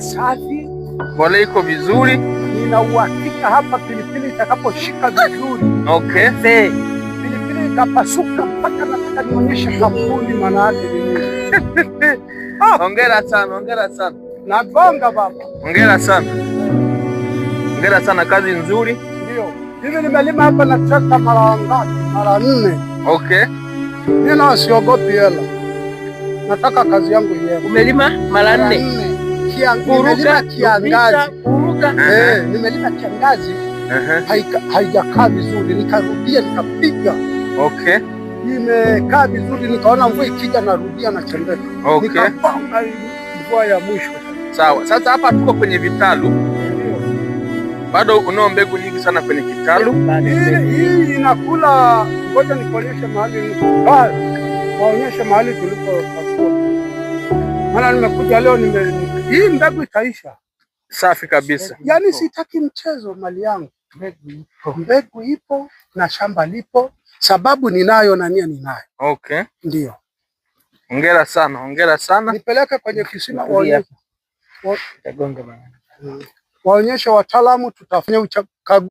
safi mbolea iko vizuri, nina uhakika hapa pilipili itakaposhika vizuri okay, pilipili itapasuka mpaka nataka nionyeshe kampuni maana yake nini. Ah! Hongera sana, hongera sana. Nagonga baba, hongera sana, hongera sana, kazi nzuri. Ndio hivi nimelima hapa na trekta mara ngapi? Mara nne. Okay, mimi na siogopi hela, nataka kazi yangu iende. Umelima mara nne? nimelima kiangazi, eh, nimelima kiangazi haijakaa vizuri, nikarudia nikapiga okay imekaa vizuri, nikaona mvua ikija narudia na chembeka okay. Nikapanga mvua ya mwisho. Sawa, sasa hapa tuko kwenye vitalu bado, unao mbegu nyingi sana kwenye kitalu hii inakula. Ngoja nikuonyeshe mahali, waonyeshe mahali tulipo, maana nimekuja leo nime hii mbegu itaisha. Safi kabisa. Yaani sitaki mchezo, mali yangu mbegu ipo, mbegu ipo na shamba lipo, sababu ninayo na nia ninayo. Okay, ndio. Hongera sana, hongera sana. Nipeleke kwenye kisima waonyeshe wataalamu, tutafanya